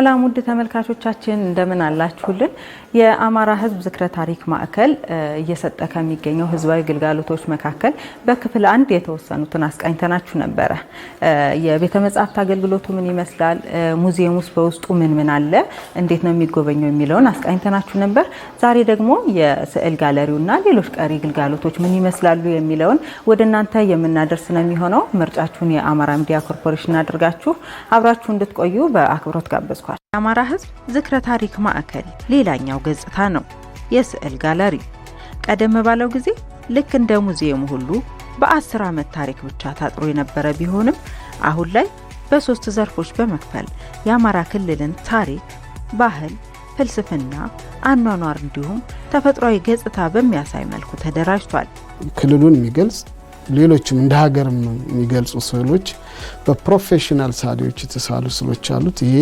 ሰላም ውድ ተመልካቾቻችን እንደምን አላችሁልን? የአማራ ህዝብ ዝክረ ታሪክ ማዕከል እየሰጠ ከሚገኘው ህዝባዊ ግልጋሎቶች መካከል በክፍል አንድ የተወሰኑትን አስቃኝተናችሁ ነበረ። የቤተ መጻሕፍት አገልግሎቱ ምን ይመስላል፣ ሙዚየም ውስጥ በውስጡ ምን ምን አለ፣ እንዴት ነው የሚጎበኘው የሚለውን አስቃኝተናችሁ ነበር። ዛሬ ደግሞ የስዕል ጋለሪውና ሌሎች ቀሪ ግልጋሎቶች ምን ይመስላሉ የሚለውን ወደ እናንተ የምናደርስ ነው የሚሆነው። ምርጫችሁን የአማራ ሚዲያ ኮርፖሬሽን አድርጋችሁ አብራችሁ እንድትቆዩ በአክብሮት ጋበዝኳል። የአማራ ህዝብ ዝክረ ታሪክ ማዕከል ሌላኛው ዋናው ገጽታ ነው የስዕል ጋለሪ። ቀደም ባለው ጊዜ ልክ እንደ ሙዚየሙ ሁሉ በአስር ዓመት ታሪክ ብቻ ታጥሮ የነበረ ቢሆንም አሁን ላይ በሶስት ዘርፎች በመክፈል የአማራ ክልልን ታሪክ፣ ባህል፣ ፍልስፍና፣ አኗኗር እንዲሁም ተፈጥሯዊ ገጽታ በሚያሳይ መልኩ ተደራጅቷል። ክልሉን የሚገልጽ ሌሎችም እንደ ሀገርም የሚገልጹ ስዕሎች በፕሮፌሽናል ሳሌዎች የተሳሉ ስዕሎች አሉት። ይሄ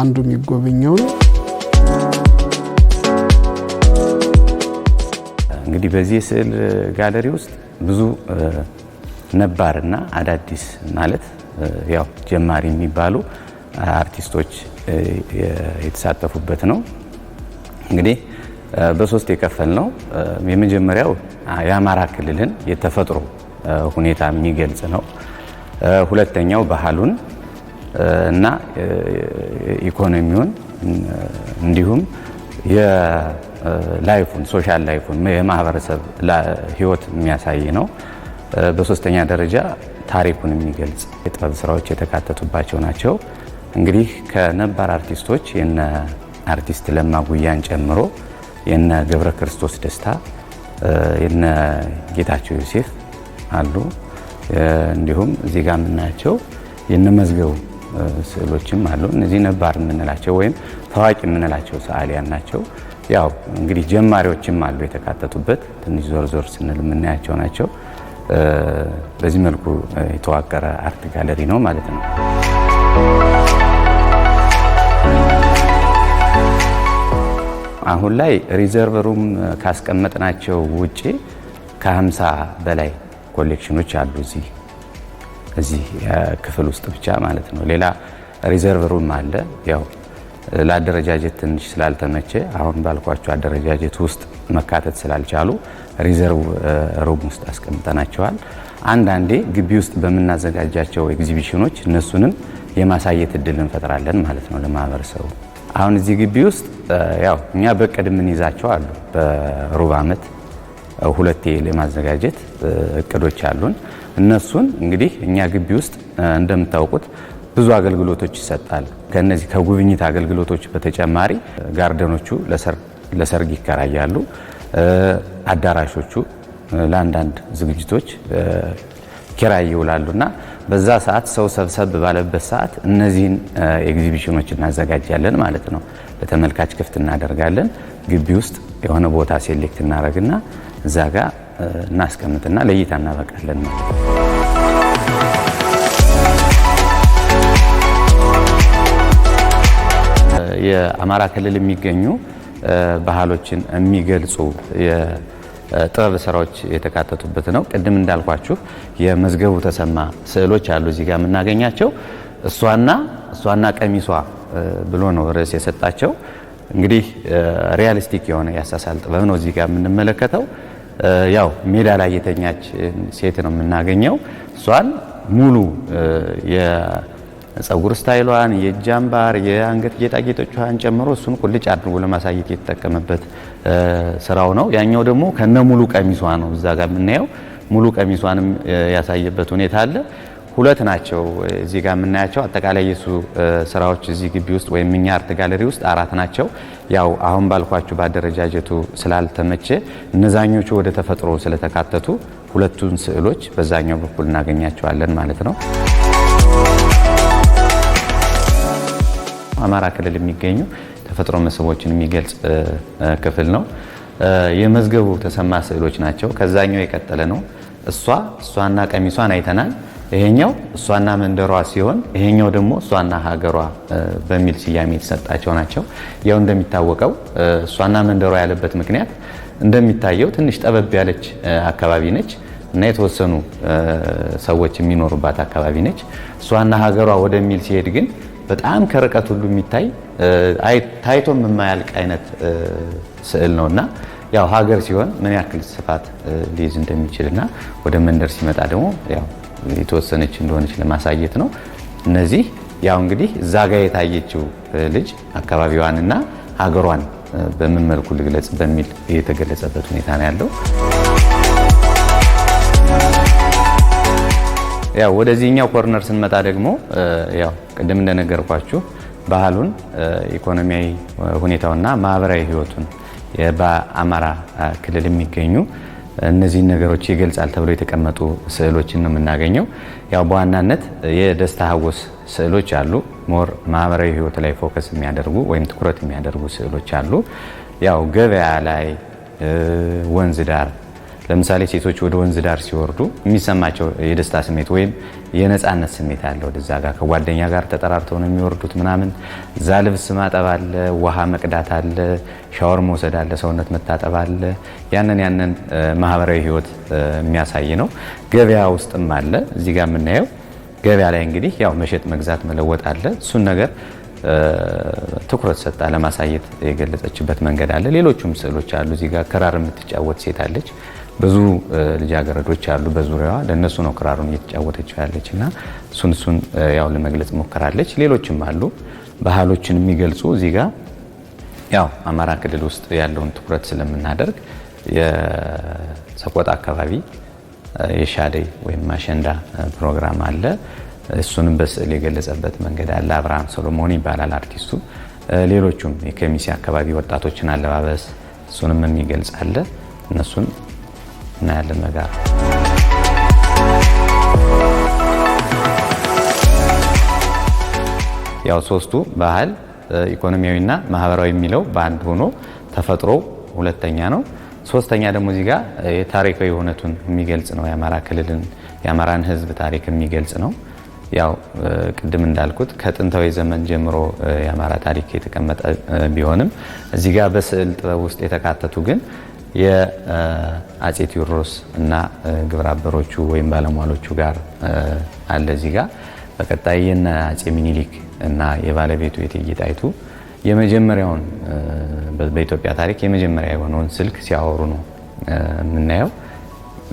አንዱ የሚጎበኘው ነው። እንግዲህ በዚህ የስዕል ጋለሪ ውስጥ ብዙ ነባርና አዳዲስ ማለት ያው ጀማሪ የሚባሉ አርቲስቶች የተሳተፉበት ነው። እንግዲህ በሶስት የከፈል ነው። የመጀመሪያው የአማራ ክልልን የተፈጥሮ ሁኔታ የሚገልጽ ነው። ሁለተኛው ባህሉን እና ኢኮኖሚውን እንዲሁም ላይፉን ሶሻል ላይፉን የማህበረሰብ ህይወት የሚያሳይ ነው። በሶስተኛ ደረጃ ታሪኩን የሚገልጽ የጥበብ ስራዎች የተካተቱባቸው ናቸው። እንግዲህ ከነባር አርቲስቶች የነ አርቲስት ለማ ጉያን ጨምሮ የነ ገብረ ክርስቶስ ደስታ፣ የነ ጌታቸው ዮሴፍ አሉ። እንዲሁም እዚህ ጋር የምናያቸው የነ መዝገቡ ስዕሎችም አሉ። እነዚህ ነባር የምንላቸው ወይም ታዋቂ የምንላቸው ሰዓሊያን ናቸው። ያው እንግዲህ ጀማሪዎችም አሉ የተካተቱበት ትንሽ ዞር ዞር ስንል የምናያቸው ናቸው። በዚህ መልኩ የተዋቀረ አርት ጋለሪ ነው ማለት ነው። አሁን ላይ ሪዘርቭ ሩም ካስቀመጥናቸው ውጪ ከ50 በላይ ኮሌክሽኖች አሉ እዚህ እዚህ ክፍል ውስጥ ብቻ ማለት ነው። ሌላ ሪዘርቭ ሩም አለ ያው ለአደረጃጀት ትንሽ ስላልተመቸ አሁን ባልኳቸው አደረጃጀት ውስጥ መካተት ስላልቻሉ ሪዘርቭ ሩም ውስጥ አስቀምጠናቸዋል። አንዳንዴ ግቢ ውስጥ በምናዘጋጃቸው ኤግዚቢሽኖች እነሱንም የማሳየት እድል እንፈጥራለን ማለት ነው ለማህበረሰቡ። አሁን እዚህ ግቢ ውስጥ ያው እኛ በቅድ የምንይዛቸው አሉ። በሩብ ዓመት ሁለቴ ለማዘጋጀት እቅዶች አሉን። እነሱን እንግዲህ እኛ ግቢ ውስጥ እንደምታውቁት ብዙ አገልግሎቶች ይሰጣል። ከነዚህ ከጉብኝት አገልግሎቶች በተጨማሪ ጋርደኖቹ ለሰርግ ይከራያሉ። አዳራሾቹ ለአንዳንድ ዝግጅቶች ኪራይ ይውላሉና በዛ ሰዓት ሰው ሰብሰብ ባለበት ሰዓት እነዚህን ኤግዚቢሽኖች እናዘጋጃለን ማለት ነው። ለተመልካች ክፍት እናደርጋለን። ግቢ ውስጥ የሆነ ቦታ ሴሌክት እናደርግና እዛ ጋር እናስቀምጥና ለእይታ እናበቃለን ነው። የአማራ ክልል የሚገኙ ባህሎችን የሚገልጹ የጥበብ ስራዎች የተካተቱበት ነው። ቅድም እንዳልኳችሁ የመዝገቡ ተሰማ ስዕሎች አሉ እዚህ ጋር የምናገኛቸው። እሷና እሷና ቀሚሷ ብሎ ነው ርዕስ የሰጣቸው። እንግዲህ ሪያሊስቲክ የሆነ ያሳሳል ጥበብ ነው እዚህ ጋር የምንመለከተው። ያው ሜዳ ላይ የተኛች ሴት ነው የምናገኘው። እሷን ሙሉ ጸጉር ስታይሏን፣ የእጅ አምባር፣ የአንገት ጌጣጌጦቿን ጨምሮ እሱን ቁልጭ አድርጎ ለማሳየት የተጠቀመበት ስራው ነው። ያኛው ደግሞ ከነ ሙሉ ቀሚሷ ነው። እዛ ጋር የምናየው ሙሉ ቀሚሷንም ያሳየበት ሁኔታ አለ። ሁለት ናቸው እዚህ ጋር የምናያቸው። አጠቃላይ የሱ ስራዎች እዚህ ግቢ ውስጥ ወይም እኛ አርት ጋለሪ ውስጥ አራት ናቸው። ያው አሁን ባልኳችሁ በአደረጃጀቱ ስላልተመቼ እነዛኞቹ ወደ ተፈጥሮ ስለተካተቱ ሁለቱን ስዕሎች በዛኛው በኩል እናገኛቸዋለን ማለት ነው። አማራ ክልል የሚገኙ ተፈጥሮ መስህቦችን የሚገልጽ ክፍል ነው። የመዝገቡ ተሰማ ስዕሎች ናቸው። ከዛኛው የቀጠለ ነው። እሷ እሷና ቀሚሷን አይተናል። ይሄኛው እሷና መንደሯ ሲሆን ይሄኛው ደግሞ እሷና ሀገሯ በሚል ስያሜ የተሰጣቸው ናቸው። ያው እንደሚታወቀው እሷና መንደሯ ያለበት ምክንያት እንደሚታየው ትንሽ ጠበብ ያለች አካባቢ ነች እና የተወሰኑ ሰዎች የሚኖሩባት አካባቢ ነች። እሷና ሀገሯ ወደሚል ሲሄድ ግን በጣም ከርቀት ሁሉ የሚታይ ታይቶም የማያልቅ አይነት ስዕል ነው እና ያው ሀገር ሲሆን ምን ያክል ስፋት ሊይዝ እንደሚችል እና ወደ መንደር ሲመጣ ደግሞ ያው የተወሰነች እንደሆነች ለማሳየት ነው። እነዚህ ያው እንግዲህ እዛ ጋ የታየችው ልጅ አካባቢዋንና ሀገሯን በምን መልኩ ልግለጽ በሚል የተገለጸበት ሁኔታ ነው ያለው። ያው ወደዚህኛው ኮርነር ስንመጣ ደግሞ ያው ቅድም እንደነገርኳችሁ ባህሉን፣ ኢኮኖሚያዊ ሁኔታውና ማህበራዊ ህይወቱን በአማራ ክልል የሚገኙ እነዚህን ነገሮች ይገልጻል ተብሎ የተቀመጡ ስዕሎችን ነው የምናገኘው። ያው በዋናነት የደስታ ሀጎስ ስዕሎች አሉ። ሞር ማህበራዊ ህይወት ላይ ፎከስ የሚያደርጉ ወይም ትኩረት የሚያደርጉ ስዕሎች አሉ። ያው ገበያ ላይ፣ ወንዝ ዳር ለምሳሌ ሴቶች ወደ ወንዝ ዳር ሲወርዱ የሚሰማቸው የደስታ ስሜት ወይም የነፃነት ስሜት አለ። ወደዛ ጋር ከጓደኛ ጋር ተጠራርተው ነው የሚወርዱት ምናምን። እዛ ልብስ ማጠብ አለ፣ ውሃ መቅዳት አለ፣ ሻወር መውሰድ አለ፣ ሰውነት መታጠብ አለ። ያንን ያንን ማህበራዊ ህይወት የሚያሳይ ነው። ገበያ ውስጥም አለ። እዚህ ጋር የምናየው ገበያ ላይ እንግዲህ ያው መሸጥ፣ መግዛት፣ መለወጥ አለ። እሱን ነገር ትኩረት ሰጣ ለማሳየት የገለጸችበት መንገድ አለ። ሌሎቹም ስዕሎች አሉ። እዚህ ጋር ክራር የምትጫወት ሴት አለች። ብዙ ልጃገረዶች አሉ በዙሪያዋ ለእነሱ ነው ክራሩን እየተጫወተችው ያለች እና እሱን እሱን ያው ለመግለጽ ሞከራለች። ሌሎችም አሉ ባህሎችን የሚገልጹ እዚህ ጋር ያው አማራ ክልል ውስጥ ያለውን ትኩረት ስለምናደርግ የሰቆጣ አካባቢ የሻደይ ወይም አሸንዳ ፕሮግራም አለ። እሱንም በስዕል የገለጸበት መንገድ አለ። አብርሃም ሰሎሞን ይባላል አርቲስቱ። ሌሎቹም የከሚሴ አካባቢ ወጣቶችን አለባበስ እሱንም የሚገልጽ አለ። እነሱን እናያለን በጋራ ያው ሶስቱ ባህል ኢኮኖሚያዊና ማህበራዊ የሚለው በአንድ ሆኖ ተፈጥሮ ሁለተኛ ነው። ሶስተኛ ደግሞ እዚህ ጋር የታሪካዊ እውነቱን የሚገልጽ ነው። የአማራ ክልልን የአማራን ህዝብ ታሪክ የሚገልጽ ነው። ያው ቅድም እንዳልኩት ከጥንታዊ ዘመን ጀምሮ የአማራ ታሪክ የተቀመጠ ቢሆንም እዚህ ጋር በስዕል ጥበብ ውስጥ የተካተቱ ግን የአጼ ቴዎድሮስ እና ግብረ አበሮቹ ወይም ባለሟሎቹ ጋር አለ። እዚህ ጋር በቀጣይ የነ አጼ ሚኒሊክ እና የባለቤቱ የእቴጌ ጣይቱ የመጀመሪያውን በኢትዮጵያ ታሪክ የመጀመሪያ የሆነውን ስልክ ሲያወሩ ነው የምናየው።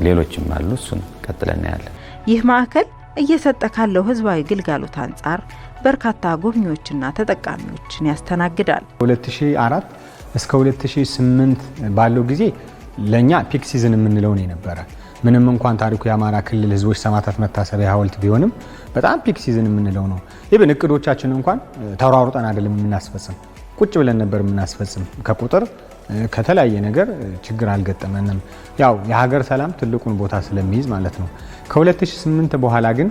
ሌሎችም አሉ፣ እሱን ቀጥለን እናያለን። ይህ ማዕከል እየሰጠ ካለው ህዝባዊ ግልጋሎት አንጻር በርካታ ጎብኚዎችና ተጠቃሚዎችን ያስተናግዳል። 2004 እስከ 2008 ባለው ጊዜ ለእኛ ፒክ ሲዝን የምንለው ነው የነበረ። ምንም እንኳን ታሪኩ የአማራ ክልል ህዝቦች ሰማዕታት መታሰቢያ ሀውልት ቢሆንም በጣም ፒክ ሲዝን የምንለው ነው። ይብን እቅዶቻችን እንኳን ተሯሩጠን አይደለም የምናስፈጽም፣ ቁጭ ብለን ነበር የምናስፈጽም። ከቁጥር ከተለያየ ነገር ችግር አልገጠመንም። ያው የሀገር ሰላም ትልቁን ቦታ ስለሚይዝ ማለት ነው። ከ2008 በኋላ ግን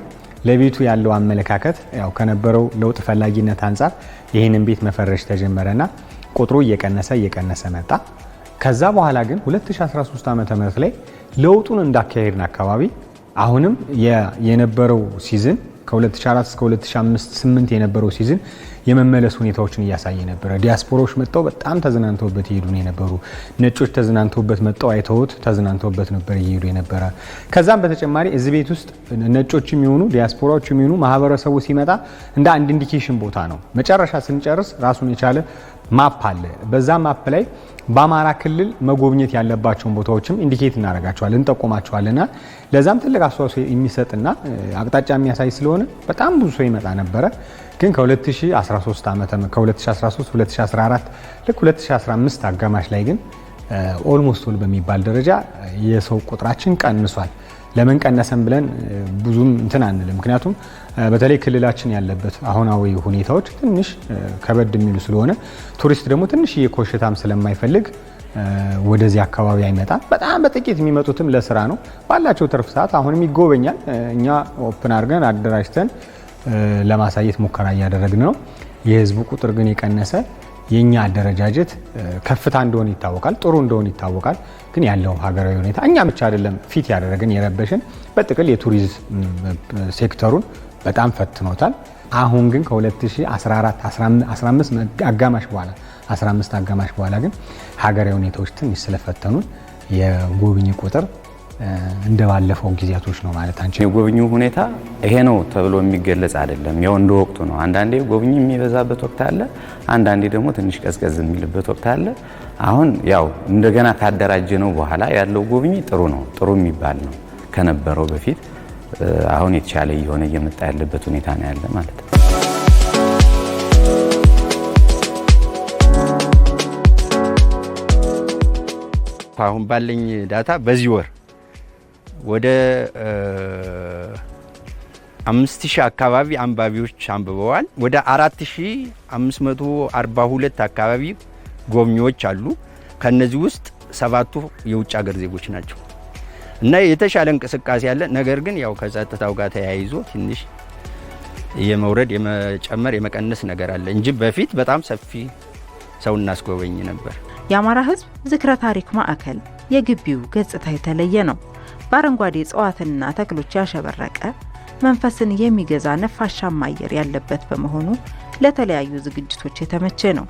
ለቤቱ ያለው አመለካከት ያው ከነበረው ለውጥ ፈላጊነት አንጻር ይህንን ቤት መፈረሽ ተጀመረና ቁጥሩ እየቀነሰ እየቀነሰ መጣ። ከዛ በኋላ ግን 2013 ዓ ምህረት ላይ ለውጡን እንዳካሄድን አካባቢ አሁንም የነበረው ሲዝን ከ2004 እስከ 2008 የነበረው ሲዝን የመመለስ ሁኔታዎችን እያሳየ ነበረ። ዲያስፖሮች መጥተው በጣም ተዝናንተውበት እየሄዱ ነው የነበሩ። ነጮች ተዝናንተውበት መጥተው አይተውት ተዝናንተውበት ነበር እየሄዱ የነበረ። ከዛም በተጨማሪ እዚህ ቤት ውስጥ ነጮች የሚሆኑ ዲያስፖራዎች የሚሆኑ ማህበረሰቡ ሲመጣ እንደ አንድ ኢንዲኬሽን ቦታ ነው። መጨረሻ ስንጨርስ ራሱን የቻለ ማፕ አለ። በዛ ማፕ ላይ በአማራ ክልል መጎብኘት ያለባቸውን ቦታዎችም ኢንዲኬት እናደርጋቸዋለን እንጠቆማቸዋልና ለዛም ትልቅ አስተዋጽኦ የሚሰጥና አቅጣጫ የሚያሳይ ስለሆነ በጣም ብዙ ሰው ይመጣ ነበረ። ግን ከ2013 ዓመተ ከ2013 2014 ልክ 2015 አጋማሽ ላይ ግን ኦልሞስት ሁል በሚባል ደረጃ የሰው ቁጥራችን ቀንሷል። ለምን ቀነሰን ብለን ብዙም እንትን አንልም። ምክንያቱም በተለይ ክልላችን ያለበት አሁናዊ ሁኔታዎች ትንሽ ከበድ የሚሉ ስለሆነ ቱሪስት ደግሞ ትንሽ የኮሽታም ስለማይፈልግ ወደዚህ አካባቢ አይመጣም። በጣም በጥቂት የሚመጡትም ለስራ ነው። ባላቸው ትርፍ ሰዓት አሁንም ይጎበኛል። እኛ ኦፕን አድርገን አደራጅተን ለማሳየት ሙከራ እያደረግን ነው። የህዝቡ ቁጥር ግን የቀነሰ የእኛ አደረጃጀት ከፍታ እንደሆነ ይታወቃል፣ ጥሩ እንደሆነ ይታወቃል። ግን ያለው ሀገራዊ ሁኔታ እኛ ብቻ አይደለም ፊት ያደረግን የረበሽን፣ በጥቅል የቱሪዝም ሴክተሩን በጣም ፈትኖታል። አሁን ግን ከ2014 15 አጋማሽ በኋላ 15 አጋማሽ በኋላ ግን ሀገራዊ ሁኔታዎች ትንሽ ስለፈተኑን የጎብኚ ቁጥር እንደባለፈው ጊዜያቶች ነው ማለት አንቺ የጎብኚ ሁኔታ ይሄ ነው ተብሎ የሚገለጽ አይደለም። ያው እንደ ወቅቱ ነው። አንዳንዴ ጎብኚ የሚበዛበት ወቅት አለ፣ አንዳንዴ ደግሞ ትንሽ ቀዝቀዝ የሚልበት ወቅት አለ። አሁን ያው እንደገና ካደራጀ ነው በኋላ ያለው ጎብኚ ጥሩ ነው፣ ጥሩ የሚባል ነው ከነበረው በፊት አሁን የተሻለ እየሆነ እየመጣ ያለበት ሁኔታ ነው ያለ ማለት ነው። አሁን ባለኝ ዳታ በዚህ ወር ወደ አምስት ሺህ አካባቢ አንባቢዎች አንብበዋል። ወደ አራት ሺህ አምስት መቶ አርባ ሁለት አካባቢ ጎብኚዎች አሉ። ከእነዚህ ውስጥ ሰባቱ የውጭ ሀገር ዜጎች ናቸው። እና የተሻለ እንቅስቃሴ አለ። ነገር ግን ያው ከጸጥታው ጋር ተያይዞ ትንሽ የመውረድ የመጨመር የመቀነስ ነገር አለ እንጂ በፊት በጣም ሰፊ ሰው እናስጎበኝ ነበር። የአማራ ሕዝብ ዝክረ ታሪክ ማዕከል የግቢው ገጽታ የተለየ ነው። በአረንጓዴ እጽዋትና ተክሎች ያሸበረቀ መንፈስን የሚገዛ ነፋሻማ አየር ያለበት በመሆኑ ለተለያዩ ዝግጅቶች የተመቸ ነው።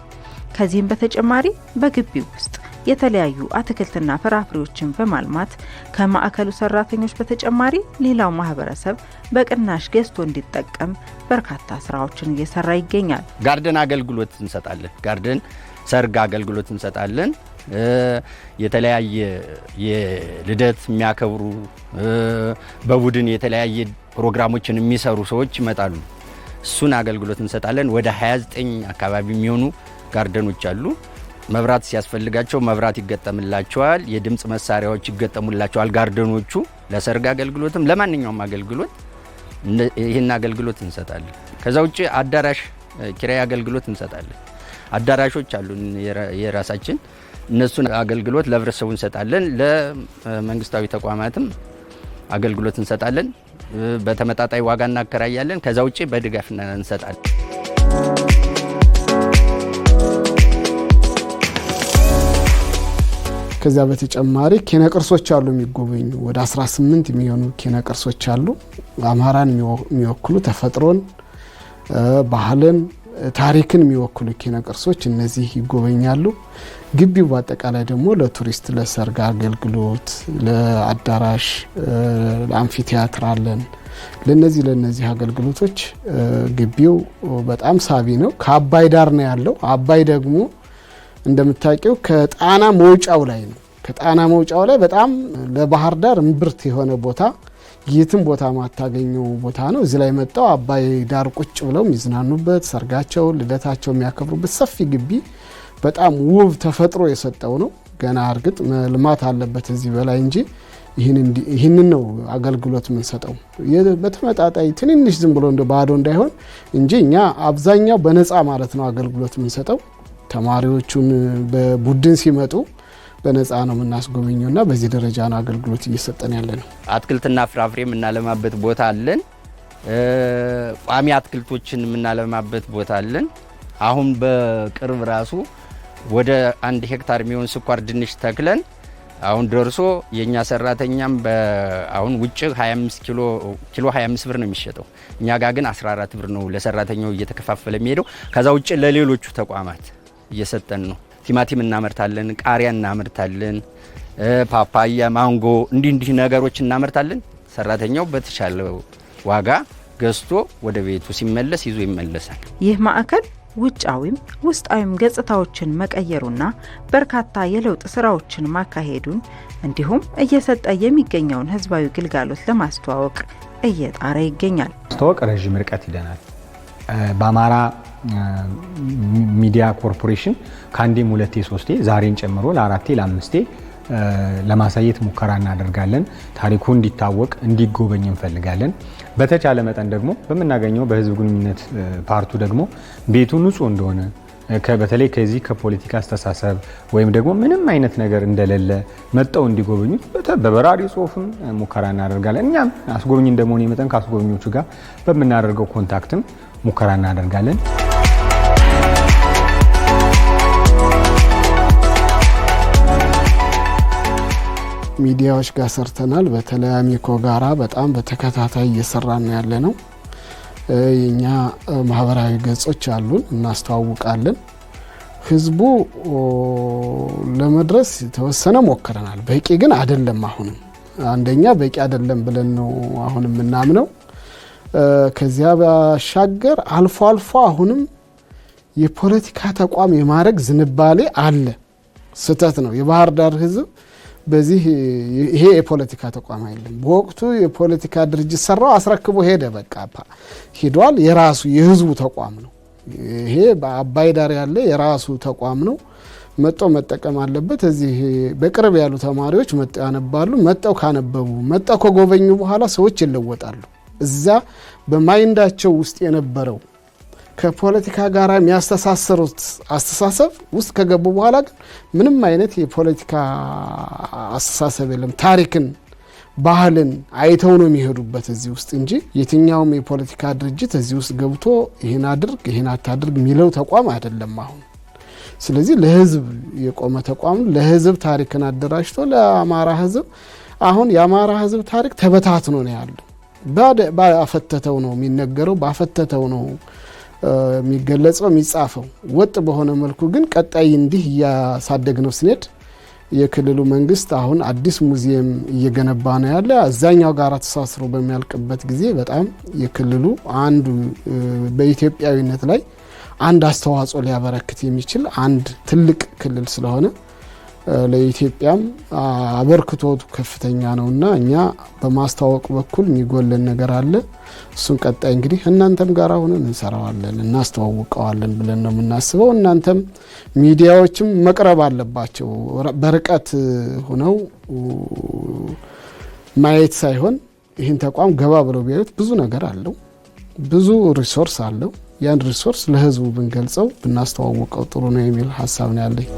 ከዚህም በተጨማሪ በግቢው ውስጥ የተለያዩ አትክልትና ፍራፍሬዎችን በማልማት ከማዕከሉ ሰራተኞች በተጨማሪ ሌላው ማህበረሰብ በቅናሽ ገዝቶ እንዲጠቀም በርካታ ስራዎችን እየሰራ ይገኛል። ጋርደን አገልግሎት እንሰጣለን። ጋርደን ሰርግ አገልግሎት እንሰጣለን። የተለያየ የልደት የሚያከብሩ በቡድን የተለያየ ፕሮግራሞችን የሚሰሩ ሰዎች ይመጣሉ። እሱን አገልግሎት እንሰጣለን። ወደ 29 አካባቢ የሚሆኑ ጋርደኖች አሉ። መብራት ሲያስፈልጋቸው መብራት ይገጠምላቸዋል። የድምፅ መሳሪያዎች ይገጠሙላቸዋል። ጋርደኖቹ ለሰርግ አገልግሎትም ለማንኛውም አገልግሎት ይህን አገልግሎት እንሰጣለን። ከዛ ውጭ አዳራሽ ኪራይ አገልግሎት እንሰጣለን። አዳራሾች አሉ የራሳችን እነሱን አገልግሎት ለህብረተሰቡ እንሰጣለን። ለመንግስታዊ ተቋማትም አገልግሎት እንሰጣለን። በተመጣጣኝ ዋጋ እናከራያለን። ከዛ ውጭ በድጋፍ እንሰጣለን። ከዚያ በተጨማሪ ኪነ ቅርሶች አሉ የሚጎበኙ ወደ 18 የሚሆኑ ኪነ ቅርሶች አሉ። አማራን የሚወክሉ ተፈጥሮን፣ ባህልን፣ ታሪክን የሚወክሉ ኪነ ቅርሶች እነዚህ ይጎበኛሉ። ግቢው በአጠቃላይ ደግሞ ለቱሪስት ለሰርግ አገልግሎት፣ ለአዳራሽ፣ ለአምፊቲያትር አለን። ለነዚህ ለነዚህ አገልግሎቶች ግቢው በጣም ሳቢ ነው። ከአባይ ዳር ነው ያለው። አባይ ደግሞ እንደምታውቂው ከጣና መውጫው ላይ ነው። ከጣና መውጫው ላይ በጣም ለባህር ዳር እምብርት የሆነ ቦታ የትም ቦታ ማታገኘው ቦታ ነው። እዚህ ላይ መጣው አባይ ዳር ቁጭ ብለው የሚዝናኑበት፣ ሰርጋቸው ልደታቸው የሚያከብሩበት ሰፊ ግቢ በጣም ውብ ተፈጥሮ የሰጠው ነው። ገና እርግጥ መልማት አለበት እዚህ በላይ እንጂ ይህንን ነው አገልግሎት የምንሰጠው። በተመጣጣኝ ትንንሽ ዝም ብሎ እንደ ባዶ እንዳይሆን እንጂ እኛ አብዛኛው በነፃ ማለት ነው አገልግሎት የምንሰጠው። ተማሪዎቹን በቡድን ሲመጡ በነፃ ነው የምናስጎበኘው እና በዚህ ደረጃ ነው አገልግሎት እየሰጠን ያለ ነው። አትክልትና ፍራፍሬ የምናለማበት ቦታ አለን። ቋሚ አትክልቶችን የምናለማበት ቦታ አለን። አሁን በቅርብ ራሱ ወደ አንድ ሄክታር የሚሆን ስኳር ድንች ተክለን አሁን ደርሶ የእኛ ሰራተኛም አሁን ውጭ 25 ኪሎ ኪሎ 25 ብር ነው የሚሸጠው እኛ ጋር ግን 14 ብር ነው ለሰራተኛው እየተከፋፈለ የሚሄደው ከዛ ውጭ ለሌሎቹ ተቋማት እየሰጠን ነው። ቲማቲም እናመርታለን፣ ቃሪያ እናመርታለን፣ ፓፓያ፣ ማንጎ እንዲህ እንዲህ ነገሮች እናመርታለን። ሰራተኛው በተሻለው ዋጋ ገዝቶ ወደ ቤቱ ሲመለስ ይዞ ይመለሳል። ይህ ማዕከል ውጫዊም ውስጣዊም ገጽታዎችን መቀየሩና በርካታ የለውጥ ስራዎችን ማካሄዱን እንዲሁም እየሰጠ የሚገኘውን ህዝባዊ ግልጋሎት ለማስተዋወቅ እየጣረ ይገኛል። ማስተዋወቅ ረዥም ርቀት ይደናል። በአማራ ሚዲያ ኮርፖሬሽን ከአንዴም ሁለቴ ሶስቴ ዛሬን ጨምሮ ለአራቴ ለአምስቴ ለማሳየት ሙከራ እናደርጋለን። ታሪኩ እንዲታወቅ እንዲጎበኝ እንፈልጋለን። በተቻለ መጠን ደግሞ በምናገኘው በህዝብ ግንኙነት ፓርቱ ደግሞ ቤቱ ንጹህ እንደሆነ በተለይ ከዚህ ከፖለቲካ አስተሳሰብ ወይም ደግሞ ምንም አይነት ነገር እንደሌለ መጠው እንዲጎበኙት በበራሪ ጽሁፍም ሙከራ እናደርጋለን። እኛም አስጎብኝ እንደመሆን መጠን ከአስጎብኞቹ ጋር በምናደርገው ኮንታክትም ሙከራ እናደርጋለን። ሚዲያዎች ጋር ሰርተናል። በተለይ አሚኮ ጋራ በጣም በተከታታይ እየሰራ ነው ያለ ነው። የእኛ ማህበራዊ ገጾች አሉን፣ እናስተዋውቃለን። ህዝቡ ለመድረስ የተወሰነ ሞክረናል። በቂ ግን አይደለም። አሁንም አንደኛ በቂ አይደለም ብለን ነው አሁን የምናምነው። ከዚያ ባሻገር አልፎ አልፎ አሁንም የፖለቲካ ተቋም የማድረግ ዝንባሌ አለ። ስህተት ነው። የባህር ዳር ህዝብ በዚህ ይሄ የፖለቲካ ተቋም አይደለም። በወቅቱ የፖለቲካ ድርጅት ሰራው አስረክቦ ሄደ። በቃ ሂዷል። የራሱ የህዝቡ ተቋም ነው። ይሄ በአባይ ዳር ያለ የራሱ ተቋም ነው። መጦ መጠቀም አለበት። እዚህ በቅርብ ያሉ ተማሪዎች መጠው ያነባሉ። መጠው ካነበቡ መጠው ከጎበኙ በኋላ ሰዎች ይለወጣሉ። እዛ በማይንዳቸው ውስጥ የነበረው ከፖለቲካ ጋር የሚያስተሳሰሩት አስተሳሰብ ውስጥ ከገቡ በኋላ ግን ምንም አይነት የፖለቲካ አስተሳሰብ የለም። ታሪክን፣ ባህልን አይተው ነው የሚሄዱበት እዚህ ውስጥ እንጂ የትኛውም የፖለቲካ ድርጅት እዚህ ውስጥ ገብቶ ይህን አድርግ ይህን አታድርግ የሚለው ተቋም አይደለም አሁን። ስለዚህ ለህዝብ የቆመ ተቋም ለህዝብ ታሪክን አደራጅቶ ለአማራ ህዝብ አሁን የአማራ ህዝብ ታሪክ ተበታትኖ ነው ያለው። ባፈተተው ነው የሚነገረው፣ ባፈተተው ነው የሚገለጸው የሚጻፈው። ወጥ በሆነ መልኩ ግን ቀጣይ እንዲህ እያሳደግ ነው ስንሄድ የክልሉ መንግስት አሁን አዲስ ሙዚየም እየገነባ ነው ያለ። አዛኛው ጋር ተሳስሮ በሚያልቅበት ጊዜ በጣም የክልሉ አንዱ በኢትዮጵያዊነት ላይ አንድ አስተዋጽኦ ሊያበረክት የሚችል አንድ ትልቅ ክልል ስለሆነ ለኢትዮጵያም አበርክቶቱ ከፍተኛ ነው እና እኛ በማስተዋወቅ በኩል የሚጎለን ነገር አለ። እሱን ቀጣይ እንግዲህ እናንተም ጋር ሆነን እንሰራዋለን፣ እናስተዋውቀዋለን ብለን ነው የምናስበው። እናንተም ሚዲያዎችም መቅረብ አለባቸው። በርቀት ሆነው ማየት ሳይሆን ይህን ተቋም ገባ ብለው ቢያዩት ብዙ ነገር አለው፣ ብዙ ሪሶርስ አለው። ያን ሪሶርስ ለህዝቡ ብንገልጸው ብናስተዋውቀው ጥሩ ነው የሚል ሀሳብ ነው ያለኝ።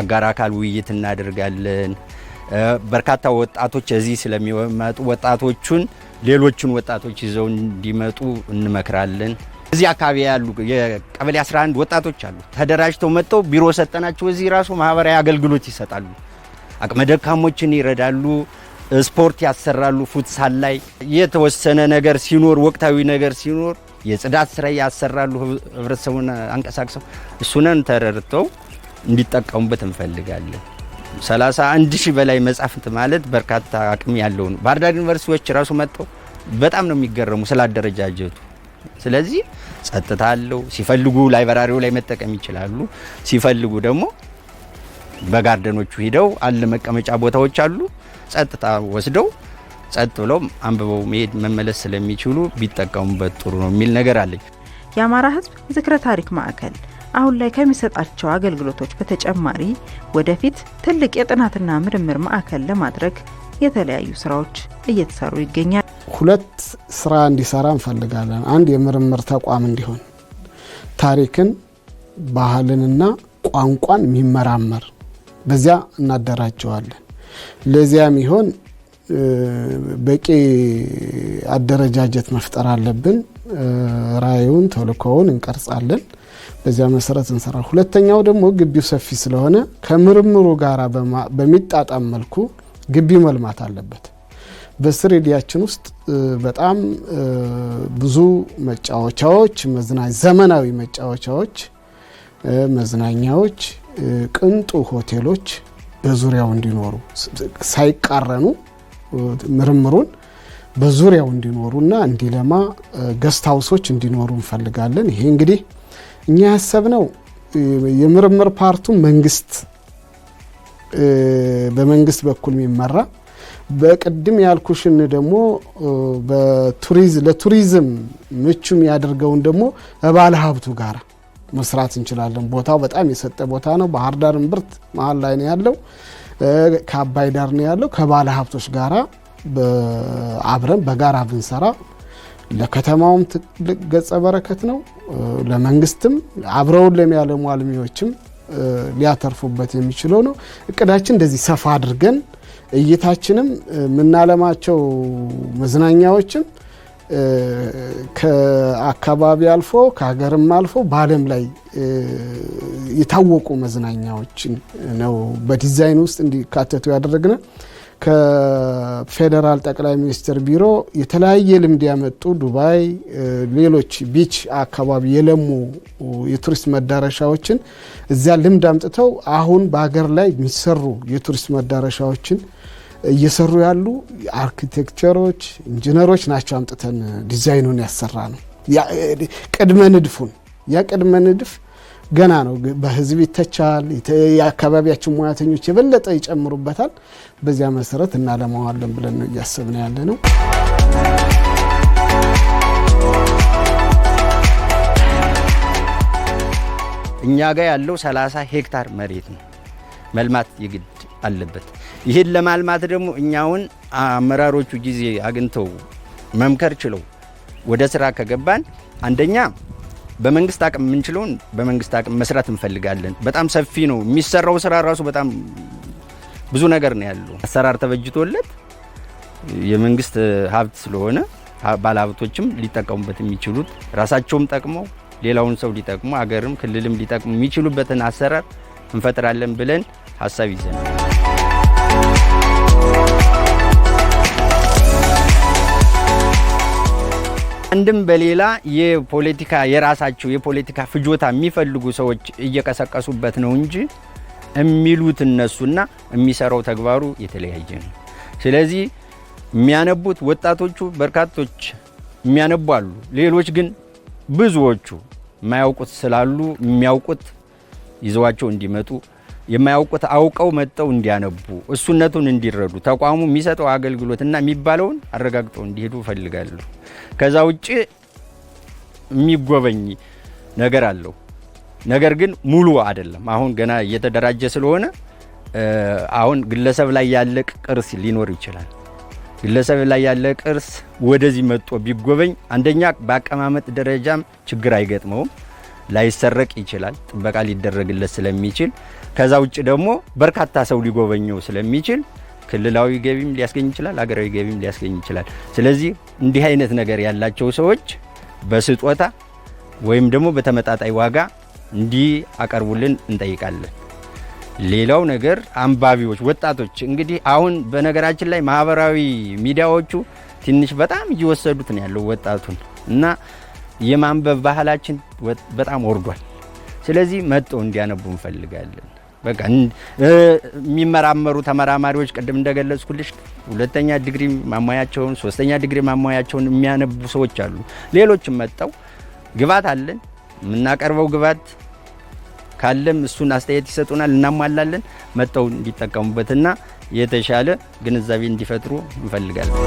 አጋር አካል ውይይት እናደርጋለን። በርካታ ወጣቶች እዚህ ስለሚመጡ ወጣቶቹን ሌሎቹን ወጣቶች ይዘው እንዲመጡ እንመክራለን። እዚህ አካባቢ ያሉ የቀበሌ 11 ወጣቶች አሉ። ተደራጅተው መጥተው ቢሮ ሰጠናቸው። እዚህ ራሱ ማህበራዊ አገልግሎት ይሰጣሉ። አቅመ ደካሞችን ይረዳሉ። ስፖርት ያሰራሉ። ፉትሳል ላይ የተወሰነ ነገር ሲኖር፣ ወቅታዊ ነገር ሲኖር የጽዳት ስራ ያሰራሉ። ህብረተሰቡን አንቀሳቅሰው እሱነን ተረድተው እንዲጠቀሙበት እንፈልጋለን። 31 ሺህ በላይ መጻሕፍት ማለት በርካታ አቅም ያለው ነው። ባህር ዳር ዩኒቨርሲቲዎች ራሱ መጥተው በጣም ነው የሚገረሙ ስለ አደረጃጀቱ። ስለዚህ ጸጥታ አለው። ሲፈልጉ ላይበራሪው ላይ መጠቀም ይችላሉ። ሲፈልጉ ደግሞ በጋርደኖቹ ሂደው አለ መቀመጫ ቦታዎች አሉ። ጸጥታ ወስደው ጸጥ ብለው አንብበው መሄድ መመለስ ስለሚችሉ ቢጠቀሙበት ጥሩ ነው የሚል ነገር አለኝ። የአማራ ሕዝብ ዝክረ ታሪክ ማዕከል አሁን ላይ ከሚሰጣቸው አገልግሎቶች በተጨማሪ ወደፊት ትልቅ የጥናትና ምርምር ማዕከል ለማድረግ የተለያዩ ስራዎች እየተሰሩ ይገኛል። ሁለት ስራ እንዲሰራ እንፈልጋለን። አንድ የምርምር ተቋም እንዲሆን ታሪክን፣ ባህልንና ቋንቋን የሚመራመር በዚያ እናደራጀዋለን። ለዚያም ይሆን በቂ አደረጃጀት መፍጠር አለብን። ራእዩን ተልእኮውን እንቀርጻለን። በዚያ መሰረት እንሰራ። ሁለተኛው ደግሞ ግቢው ሰፊ ስለሆነ ከምርምሩ ጋር በሚጣጣም መልኩ ግቢ መልማት አለበት። በስሬዲያችን ውስጥ በጣም ብዙ መጫወቻዎች፣ ዘመናዊ መጫወቻዎች፣ መዝናኛዎች፣ ቅንጡ ሆቴሎች በዙሪያው እንዲኖሩ ሳይቃረኑ ምርምሩን በዙሪያው እንዲኖሩና እንዲለማ ገስት ሀውሶች እንዲኖሩ እንፈልጋለን። ይሄ እንግዲህ እኛ ያሰብነው የምርምር ፓርቱ መንግስት በመንግስት በኩል የሚመራ በቅድም ያልኩሽን ደግሞ ለቱሪዝም ምቹ የሚያደርገውን ደግሞ በባለ ሀብቱ ጋር መስራት እንችላለን። ቦታው በጣም የሰጠ ቦታ ነው። ባህር ዳር እምብርት መሀል ላይ ነው ያለው። ከአባይ ዳር ነው ያለው። ከባለ ሀብቶች ጋራ አብረን በጋራ ብንሰራ ለከተማውም ትልቅ ገጸ በረከት ነው። ለመንግስትም አብረውን ለሚያለሙ አልሚዎችም ሊያተርፉበት የሚችለው ነው። እቅዳችን እንደዚህ ሰፋ አድርገን እይታችንም የምናለማቸው መዝናኛዎችም ከአካባቢ አልፎ ከሀገርም አልፎ በዓለም ላይ የታወቁ መዝናኛዎችን ነው በዲዛይን ውስጥ እንዲካተቱ ያደረግነ ከፌዴራል ጠቅላይ ሚኒስትር ቢሮ የተለያየ ልምድ ያመጡ ዱባይ፣ ሌሎች ቢች አካባቢ የለሙ የቱሪስት መዳረሻዎችን እዚያ ልምድ አምጥተው አሁን በሀገር ላይ የሚሰሩ የቱሪስት መዳረሻዎችን እየሰሩ ያሉ አርኪቴክቸሮች፣ ኢንጂነሮች ናቸው። አምጥተን ዲዛይኑን ያሰራ ነው ቅድመ ንድፉን ያ ቅድመ ንድፍ ገና ነው። በህዝብ ይተቻል። የአካባቢያችን ሙያተኞች የበለጠ ይጨምሩበታል። በዚያ መሰረት እናለማዋለን ብለን ነው እያሰብን ያለ ነው። እኛ ጋር ያለው 30 ሄክታር መሬት ነው። መልማት የግድ አለበት። ይህን ለማልማት ደግሞ እኛውን አመራሮቹ ጊዜ አግኝተው መምከር ችለው ወደ ስራ ከገባን አንደኛ በመንግስት አቅም የምንችለውን በመንግስት አቅም መስራት እንፈልጋለን። በጣም ሰፊ ነው የሚሰራው ስራ ራሱ በጣም ብዙ ነገር ነው ያለው። አሰራር ተበጅቶለት የመንግስት ሀብት ስለሆነ ባለሀብቶችም ሊጠቀሙበት የሚችሉት ራሳቸውም ጠቅመው ሌላውን ሰው ሊጠቅሙ አገርም ክልልም ሊጠቅሙ የሚችሉበትን አሰራር እንፈጥራለን ብለን ሀሳብ ይዘናል። በአንድም በሌላ የፖለቲካ የራሳቸው የፖለቲካ ፍጆታ የሚፈልጉ ሰዎች እየቀሰቀሱበት ነው እንጂ የሚሉት እነሱና የሚሰራው ተግባሩ የተለያየ ነው። ስለዚህ የሚያነቡት ወጣቶቹ በርካቶች የሚያነቡ አሉ። ሌሎች ግን ብዙዎቹ የማያውቁት ስላሉ የሚያውቁት ይዘዋቸው እንዲመጡ የማያውቁት አውቀው መጠው እንዲያነቡ እሱነቱን እንዲረዱ ተቋሙ የሚሰጠው አገልግሎትና የሚባለውን አረጋግጠው እንዲሄዱ እፈልጋለሁ። ከዛ ውጭ የሚጎበኝ ነገር አለው። ነገር ግን ሙሉ አይደለም። አሁን ገና እየተደራጀ ስለሆነ አሁን ግለሰብ ላይ ያለ ቅርስ ሊኖር ይችላል። ግለሰብ ላይ ያለ ቅርስ ወደዚህ መጥቶ ቢጎበኝ አንደኛ በአቀማመጥ ደረጃም ችግር አይገጥመውም። ላይሰረቅ ይችላል፣ ጥበቃ ሊደረግለት ስለሚችል ከዛ ውጭ ደግሞ በርካታ ሰው ሊጎበኘው ስለሚችል ክልላዊ ገቢም ሊያስገኝ ይችላል፣ አገራዊ ገቢም ሊያስገኝ ይችላል። ስለዚህ እንዲህ አይነት ነገር ያላቸው ሰዎች በስጦታ ወይም ደግሞ በተመጣጣኝ ዋጋ አቀርቡልን እንጠይቃለን። ሌላው ነገር አንባቢዎች፣ ወጣቶች እንግዲህ አሁን በነገራችን ላይ ማህበራዊ ሚዲያዎቹ ትንሽ በጣም እየወሰዱት ነው ያለው ወጣቱን እና የማንበብ ባህላችን በጣም ወርዷል። ስለዚህ መጥቶ እንዲያነቡ እንፈልጋለን። በቃ የሚመራመሩ ተመራማሪዎች ቅድም እንደገለጽኩልሽ ሁለተኛ ዲግሪ ማሟያቸውን፣ ሶስተኛ ዲግሪ ማሟያቸውን የሚያነቡ ሰዎች አሉ። ሌሎችም መጥተው ግባት አለን የምናቀርበው ግባት ካለም እሱን አስተያየት ይሰጡናል፣ እናሟላለን። መጠው እንዲጠቀሙበትና የተሻለ ግንዛቤ እንዲፈጥሩ እንፈልጋለን።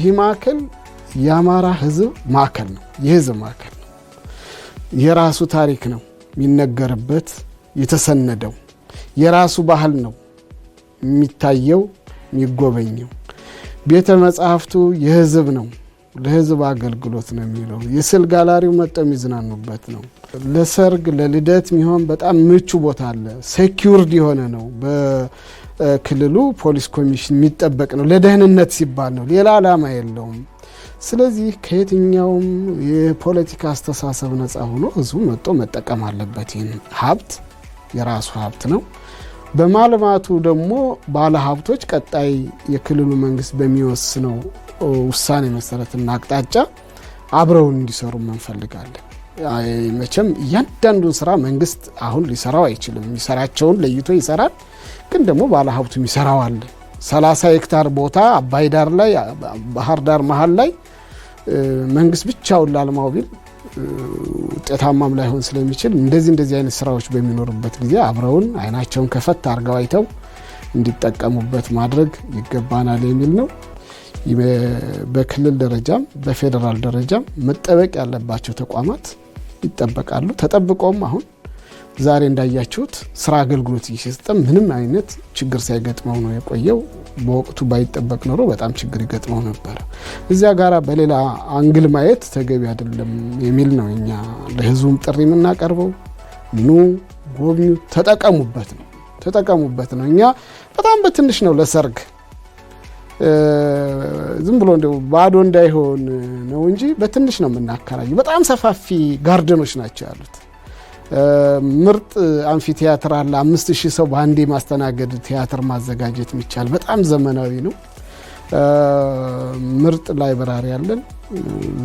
ይህ ማዕከል የአማራ ህዝብ ማዕከል ነው። የህዝብ ማዕከል ነው። የራሱ ታሪክ ነው የሚነገርበት የተሰነደው የራሱ ባህል ነው የሚታየው የሚጎበኘው። ቤተ መጽሐፍቱ የህዝብ ነው። ለህዝብ አገልግሎት ነው የሚለው የስዕል ጋላሪው መጠው የሚዝናኑበት ነው። ለሰርግ ለልደት የሚሆን በጣም ምቹ ቦታ አለ። ሴኪውርድ የሆነ ነው። በክልሉ ፖሊስ ኮሚሽን የሚጠበቅ ነው። ለደህንነት ሲባል ነው። ሌላ ዓላማ የለውም። ስለዚህ ከየትኛውም የፖለቲካ አስተሳሰብ ነፃ ሆኖ ህዝቡ መጥቶ መጠቀም አለበት። ይህን ሀብት የራሱ ሀብት ነው። በማልማቱ ደግሞ ባለሀብቶች ቀጣይ የክልሉ መንግስት በሚወስነው ውሳኔ መሰረትና አቅጣጫ አብረውን እንዲሰሩ እንፈልጋለን። መቼም እያንዳንዱን ስራ መንግስት አሁን ሊሰራው አይችልም። የሚሰራቸውን ለይቶ ይሰራል፣ ግን ደግሞ ባለሀብቱ የሚሰራው አለ። 30 ሄክታር ቦታ አባይ ዳር ላይ ባህር ዳር መሀል ላይ መንግስት ብቻውን ላልማው ቢል ውጤታማም ላይሆን ስለሚችል እንደዚህ እንደዚህ አይነት ስራዎች በሚኖሩበት ጊዜ አብረውን አይናቸውን ከፈት አድርገው አይተው እንዲጠቀሙበት ማድረግ ይገባናል የሚል ነው። በክልል ደረጃም በፌዴራል ደረጃም መጠበቅ ያለባቸው ተቋማት ይጠበቃሉ። ተጠብቆም አሁን ዛሬ እንዳያችሁት ስራ አገልግሎት እየሰጠ ምንም አይነት ችግር ሳይገጥመው ነው የቆየው። በወቅቱ ባይጠበቅ ኖሮ በጣም ችግር ይገጥመው ነበረ። እዚያ ጋር በሌላ አንግል ማየት ተገቢ አይደለም የሚል ነው እኛ ለህዝቡም ጥሪ የምናቀርበው። ኑ ጎብኙ፣ ተጠቀሙበት ነው ተጠቀሙበት ነው። እኛ በጣም በትንሽ ነው ለሰርግ ዝም ብሎ እንደው ባዶ እንዳይሆን ነው እንጂ በትንሽ ነው የምናከራየው። በጣም ሰፋፊ ጋርደኖች ናቸው ያሉት። ምርጥ አምፊ አለ። አምስት ሺህ ሰው በአንዴ ማስተናገድ ቲያትር ማዘጋጀት የሚቻል በጣም ዘመናዊ ነው። ምርጥ ላይብራሪ አለን፣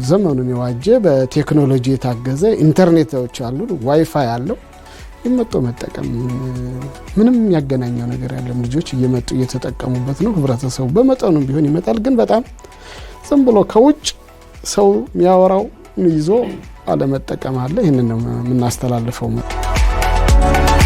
ዘመኑን የዋጀ በቴክኖሎጂ የታገዘ ኢንተርኔቶች አሉ፣ ዋይፋይ አለው። የመጣው መጠቀም ምንም ያገናኘው ነገር ያለም ልጆች እየመጡ እየተጠቀሙበት ነው። ህብረተሰቡ በመጠኑም ቢሆን ይመጣል። ግን በጣም ዝም ብሎ ከውጭ ሰው የሚያወራው ይዞ አለመጠቀም አለ። ይህንን ነው የምናስተላልፈው።